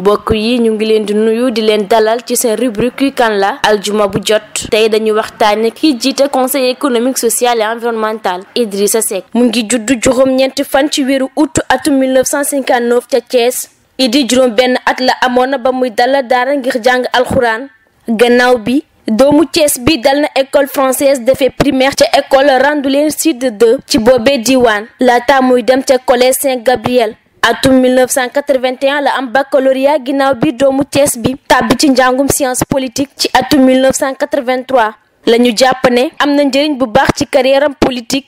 mbokk yi ñu ngi leen di nuyu di leen dalal ci seen rubrique kanla la aljuma bu jot tey dañuy waxtaane ki jiite conseil économique social et environnemental Idrissa Seck mu ngi juddu juróom-ñeenti fan ci weeru août atum 1959 ca Thiès idi juróom benn at la amoon na ba muy dala daara ngir jàng alxuraan gannaaw bi doomu Thiès bi dal école française defee primaire ca école Randoulène Sud 2 ci boobee diwaan laata muy dem ca collège Saint Gabriel atum 1981 la am baccalauréat ginnaaw bi doomu tees bi tàbbi ci njàngum science politique ci atum 1983 la ñu jàpp ne am na njëriñ bu baax ci carrière am politique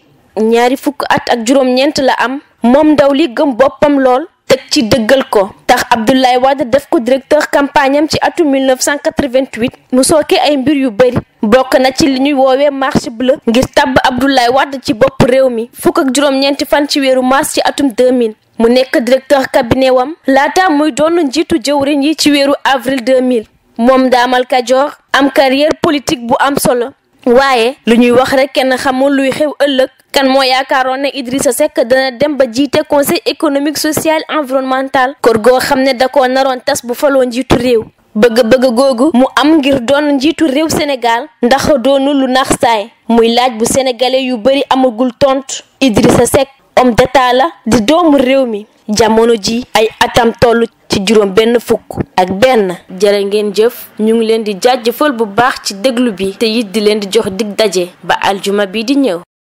ñaari fukk at ak juróom-ñeent la am moom ndaw li gëm boppam lool teg ci dëggal ko tax Abdoulaye Wade def ko directeur campagne am ci atum 1988 mu sooke ay mbir yu bari bokk na ci li ñuy woowee marche bleue ngir tàbb Abdoulaye Wade ci bopp réew mi fukk ak juróom fan ci weeru mars ci atum 2000 mu nekk directeur cabinet wam laata muy doon njiitu jëwriñ yi ci weeru avril 2000 moom daamal Kajoor am carrière politique bu am solo waaye lu ñuy wax rek kenn xamul luy xew ëllëg kan moo yaakaaroon ne Idrissa Seck dana dem ba jiite conseil économique sociale environnemental kor goo xam ne da koo naroon tas bu faloo njiitu réew bëgg-bëgg googu mu am ngir doon njiitu réew senegal ndax doonu lu naax saay muy laaj bu sénégalais yu bëri amagul tontu Idrissa Seck homme d'état la di doomu réew mi jamono ji ay atam toll ci juróom benn fukk ak benn jërë ngeen jëf ñu ngi leen di jaajëfal bu baax ci déglu bi te it di leen di jox dig daje ba aljuma bii di ñëw